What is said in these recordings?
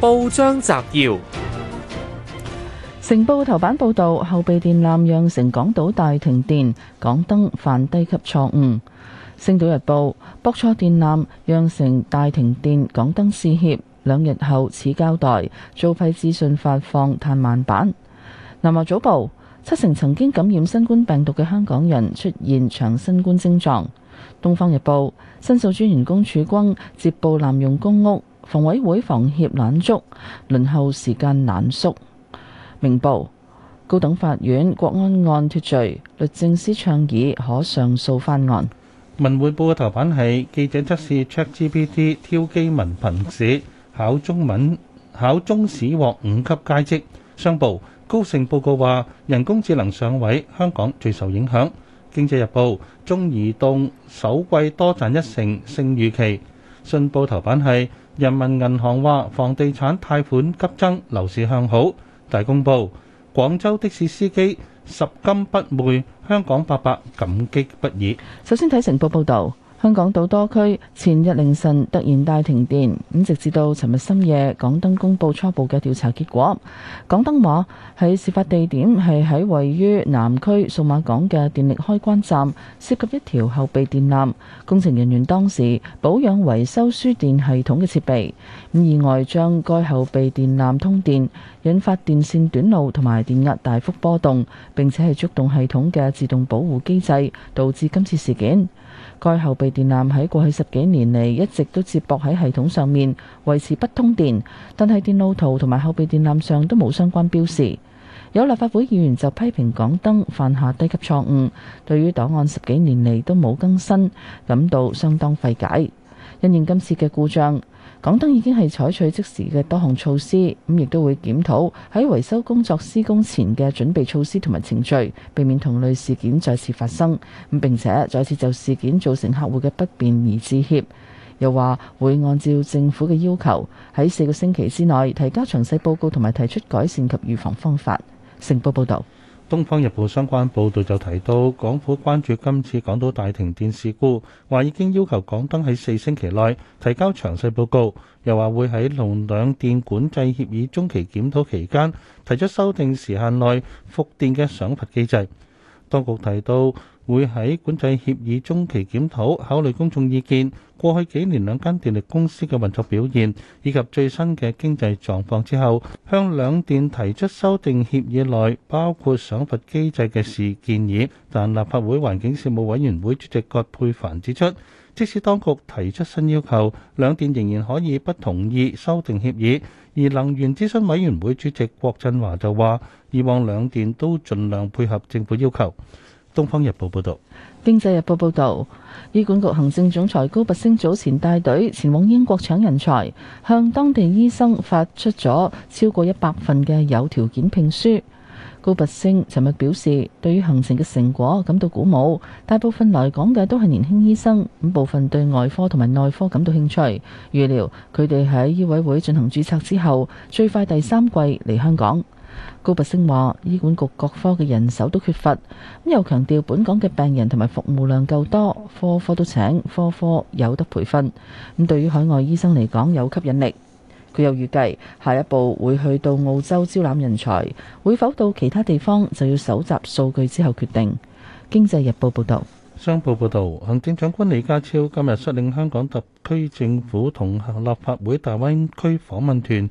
報章摘要：成報頭版報道，後備電纜釀成港島大停電，港燈犯低級錯誤。星島日報駁錯電纜釀成大停電，港燈致歉，兩日後始交代，遭廢資訊發放嘆慢板。南華早報，七成曾經感染新冠病毒嘅香港人出現長新冠症狀。東方日報，申訴專員公署接報濫用公屋。房委會房協難捉，輪候時間難縮。明報，高等法院國安案脫罪，律政司倡議可上訴翻案。文匯報嘅頭版係記者測試 ChatGPT 挑機，文憑試考中文考中史獲五級佳績。商報，高盛報告話人工智能上位，香港最受影響。經濟日報，中移動首季多賺一成，勝預期。信報頭版係。人民銀行話：房地產貸款急增，樓市向好。大公報：廣州的士司機拾金不昧，香港伯伯感激不已。首先睇成報報導。香港島多區前日凌晨突然大停電，咁直至到尋日深夜，港燈公布初步嘅調查結果。港燈話喺事發地點係喺位於南區數碼港嘅電力開關站，涉及一條後備電纜。工程人員當時保養維修輸電系統嘅設備，意外將該後備電纜通電。引發電線短路同埋電壓大幅波動，並且係觸動系統嘅自動保護機制，導致今次事件。該後備電纜喺過去十幾年嚟一直都接駁喺系統上面，維持不通電，但係電路圖同埋後備電纜上都冇相關標示。有立法會議員就批評港燈犯下低級錯誤，對於檔案十幾年嚟都冇更新，感到相當費解。因應今次嘅故障，港燈已經係採取即時嘅多項措施，咁亦都會檢討喺維修工作施工前嘅準備措施同埋程序，避免同類事件再次發生。咁並且再次就事件造成客戶嘅不便而致歉，又話會按照政府嘅要求喺四個星期之內提交詳細報告同埋提出改善及預防方法。成報報道。《東方日報》相關報導就提到，港府關注今次港島大停電事故，話已經要求港燈喺四星期內提交詳細報告，又話會喺《龍兩電管制協議》中期檢討期間提出修訂時限內復電嘅賞罰機制。當局提到，會喺管制協議中期檢討，考慮公眾意見、過去幾年兩間電力公司嘅運作表現以及最新嘅經濟狀況之後，向兩電提出修訂協議內包括賞罰機制嘅事建議。但立法會環境事務委員會主席葛珮帆指出，即使當局提出新要求，兩電仍然可以不同意修訂協議。而能源諮詢委員會主席郭振華就話，以往兩電都盡量配合政府要求。《東方日報》報導，《經濟日報》報導，醫管局行政總裁高拔昇早前帶隊前往英國搶人才，向當地醫生發出咗超過一百份嘅有條件聘書。高拔昇尋日表示，對於行程嘅成果感到鼓舞，大部分來港嘅都係年輕醫生，咁部分對外科同埋內科感到興趣。預料佢哋喺醫委會進行註冊之後，最快第三季嚟香港。高拔升話：醫管局各科嘅人手都缺乏，又強調本港嘅病人同埋服務量夠多，科科都請，科科有得培訓。咁對於海外醫生嚟講有吸引力。佢又預計下一步會去到澳洲招攬人才，會否到其他地方就要搜集數據之後決定。經濟日報報道，商報報道，行政長官李家超今日率領香港特區政府同立法會大灣區訪問團。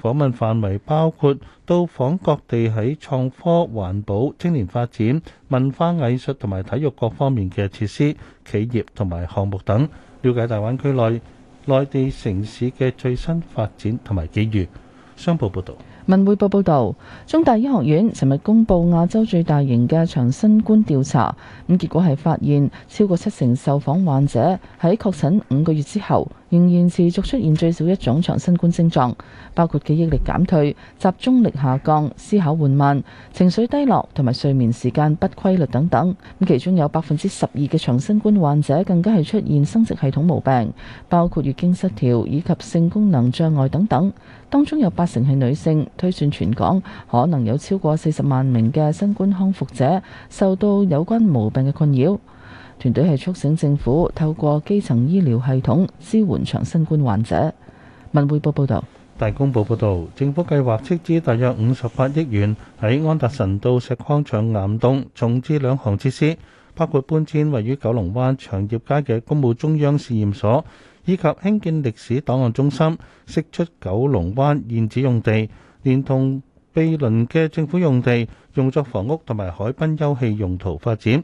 訪問範圍包括到訪各地喺創科、環保、青年發展、文化藝術同埋體育各方面嘅設施、企業同埋項目等，了解大灣區內內地城市嘅最新發展同埋機遇。商報報道。文匯報報道，中大醫學院尋日公布亞洲最大型嘅長新冠調查，咁結果係發現超過七成受訪患者喺確診五個月之後，仍然持續出現最少一種長新冠症狀，包括記憶力減退、集中力下降、思考緩慢、情緒低落同埋睡眠時間不規律等等。咁其中有百分之十二嘅長新冠患者更加係出現生殖系統毛病，包括月經失調以及性功能障礙等等。當中有八成係女性。推算全港可能有超過四十萬名嘅新冠康復者受到有關毛病嘅困擾。團隊係促醒政府透過基層醫療系統支援長新冠患者。文匯報報導，大公報報導，政府計劃斥資大約五十八億元喺安達臣道石礦場岩洞重置兩項設施，包括搬遷位於九龍灣長業街嘅公務中央試驗所，以及興建歷史檔案中心，釋出九龍灣現址用地，連同毗鄰嘅政府用地用作房屋同埋海濱休憩用途發展。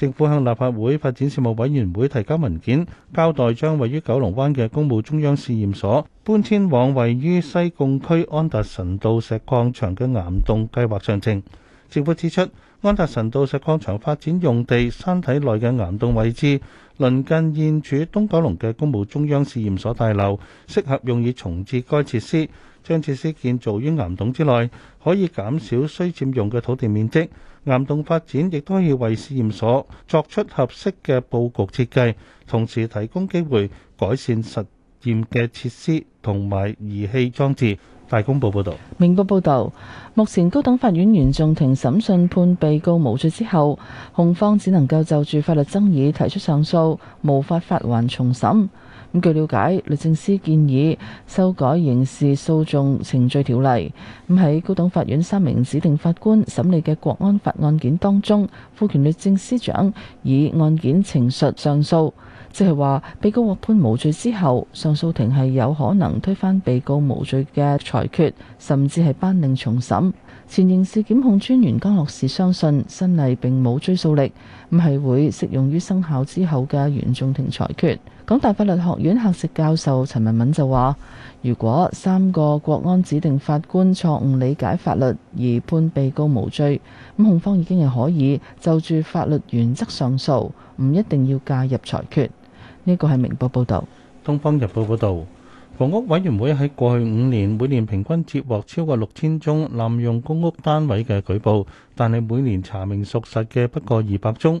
政府向立法會發展事務委員會提交文件，交代將位於九龍灣嘅公務中央試驗所搬遷往位於西貢區安達臣道石礦場嘅岩洞計劃詳情。政府指出，安達臣道石礦場發展用地山體內嘅岩洞位置，鄰近現處東九龍嘅公務中央試驗所大樓，適合用以重置該設施。將設施建造於岩洞之內，可以減少需佔用嘅土地面積。岩洞發展亦都可以為試驗所作出合適嘅佈局設計，同時提供機會改善實驗嘅設施同埋儀器裝置。大公報報導，明報報道：目前高等法院原訟庭審訊判被告無罪之後，控方只能夠就住法律爭議提出上訴，無法發還重審。咁據了解，律政司建議修改刑事訴訟程序條例。咁喺高等法院三名指定法官審理嘅國安法案件當中，賦權律政司長以案件呈述上訴，即係話被告獲判無罪之後，上訴庭係有可能推翻被告無罪嘅裁決，甚至係頒令重審。前刑事檢控專員江樂士相信新例並冇追溯力，咁係會適用於生效之後嘅原訟庭裁決。港大法律學院客席教授陳文敏就話，如果三個國安指定法官錯誤理解法律而判被告無罪，咁控方已經係可以就住法律原則上訴，唔一定要介入裁決。呢個係明報報導，《東方日報》報導，房屋委員會喺過去五年每年平均接獲超過六千宗濫用公屋單位嘅舉報，但係每年查明屬實嘅不過二百宗。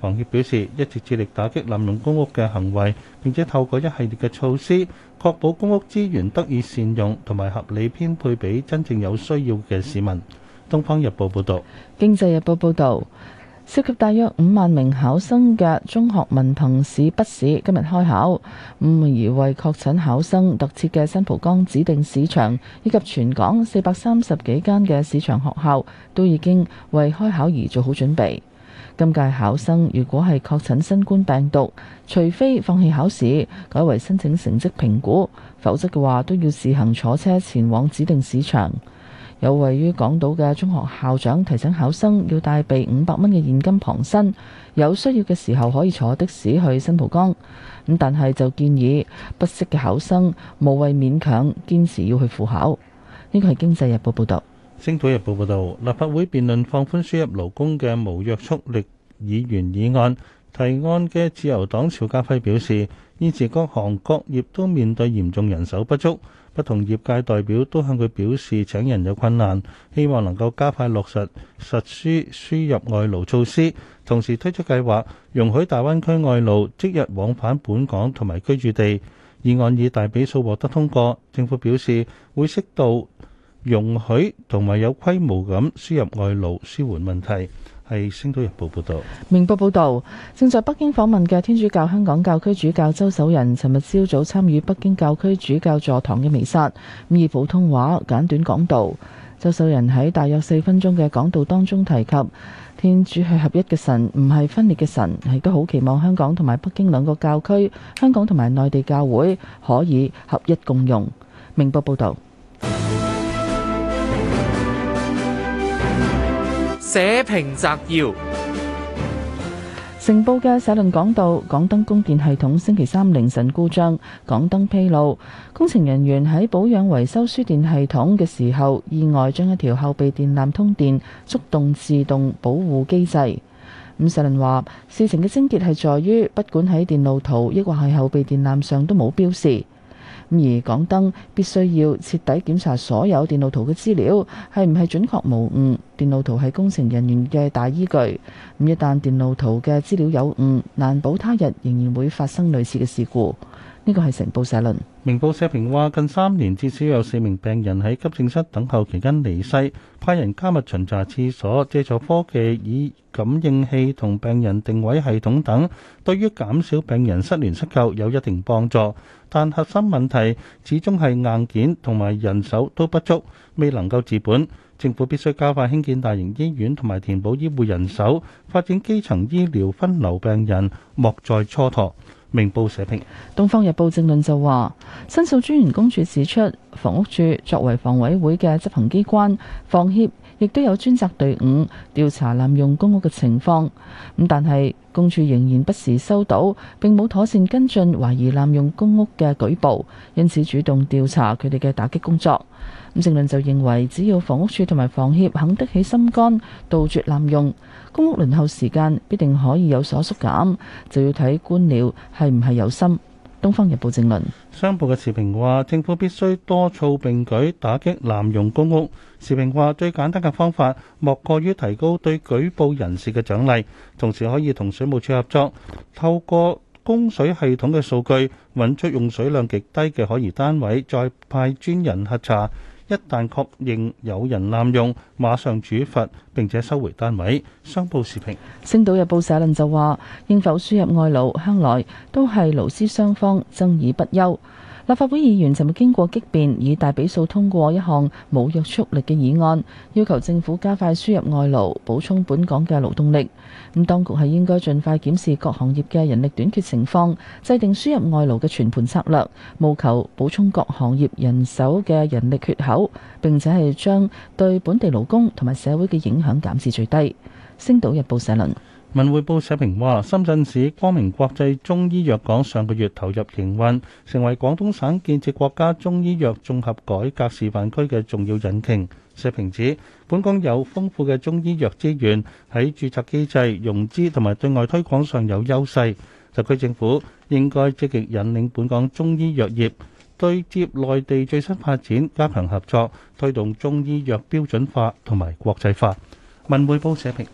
房協表示，一直致力打擊濫用公屋嘅行為，並且透過一系列嘅措施，確保公屋資源得以善用同埋合理編配俾真正有需要嘅市民。《東方日報》報導，《經濟日報》報導，涉及大約五萬名考生嘅中學文憑試筆試今日開考，唔而為確診考生特設嘅新蒲崗指定試場以及全港四百三十幾間嘅試場學校，都已經為開考而做好準備。今屆考生如果係確診新冠病毒，除非放棄考試，改為申請成績評估，否則嘅話都要自行坐車前往指定市場。有位於港島嘅中學校長提醒考生要帶備五百蚊嘅現金傍身，有需要嘅時候可以坐的士去新蒲崗。咁但係就建議不適嘅考生無謂勉強堅持要去赴考。呢個係《經濟日報》報導，《星島日報》報導，立法會辯論放寬輸入勞工嘅無約束力。議員議案提案嘅自由黨邵家輝表示，現時各行各業都面對嚴重人手不足，不同業界代表都向佢表示請人有困難，希望能夠加快落實實施輸，輸入外勞措施，同時推出計劃容許大灣區外勞即日往返本港同埋居住地。議案以大比數獲得通過，政府表示會適度容許同埋有規模咁輸入外勞，舒緩問題。係《星島日報》報道，明報報道，正在北京訪問嘅天主教香港教區主教周守仁，尋日朝早參與北京教區主教座堂嘅彌撒，咁以普通話簡短講道。周守仁喺大約四分鐘嘅講道當中提及，天主係合一嘅神，唔係分裂嘅神，亦都好期望香港同埋北京兩個教區，香港同埋內地教會可以合一共用。明報報道。報章摘要，成報嘅社論講到，港燈供電系統星期三凌晨故障。港燈披露，工程人員喺保養維修輸電系統嘅時候，意外將一條後備電纜通電，觸動自動保護機制。咁社論話，事情嘅症結係在於，不管喺電路圖，抑或係後備電纜上，都冇標示。而港燈必須要徹底檢查所有電路圖嘅資料係唔係準確無誤，電路圖係工程人員嘅大依據。咁一旦電路圖嘅資料有誤，難保他日仍然會發生類似嘅事故。呢個係《成報社論》，《明報社評》話：近三年至少有四名病人喺急症室等候期間離世。派人加密巡查廁所，藉助科技以感應器同病人定位系統等，對於減少病人失聯失救有一定幫助。但核心問題始終係硬件同埋人手都不足，未能夠治本。政府必須加快興建大型醫院同埋填補醫護人手，發展基層醫療分流病人，莫再蹉跎。明報社評。《東方日報正論》政論就話，申訴專員公署指出，房屋處作為房委會嘅執行機關，房協亦都有專責隊伍調查濫用公屋嘅情況，咁但係。公署仍然不時收到，並冇妥善跟進懷疑濫用公屋嘅舉報，因此主動調查佢哋嘅打擊工作。正論就認為，只要房屋處同埋房協肯得起心肝，杜絕濫用，公屋輪候時間，必定可以有所縮減，就要睇官僚係唔係有心。《東方日報》正論，商報嘅時評話，政府必須多措並舉打擊濫用公屋。時評話，最簡單嘅方法莫過於提高對舉報人士嘅獎勵，同時可以同水務署合作，透過供水系統嘅數據揾出用水量極低嘅可疑單位，再派專人核查。一旦確認有人濫用，馬上處罰並且收回單位。商報時評，《星島日報》社論就話：應否輸入外勞，向來都係勞資雙方爭議不休。立法會議員尋日經過激辯，以大比數通過一項冇約束力嘅議案，要求政府加快輸入外勞，補充本港嘅勞動力。咁當局係應該盡快檢視各行業嘅人力短缺情況，制定輸入外勞嘅全盤策略，務求補充各行業人手嘅人力缺口，並且係將對本地勞工同埋社會嘅影響減至最低。星島日報社論。文匯報社評話，深圳市光明國際中醫藥港上個月投入營運，成為廣東省建設國家中醫藥綜合改革示範區嘅重要引擎。社評指，本港有豐富嘅中醫藥資源，喺註冊機制、融資同埋對外推廣上有優勢，特區政府應該積極引領本港中醫藥業對接內地最新發展，加強合作，推動中醫藥標準化同埋國際化。文匯報社評。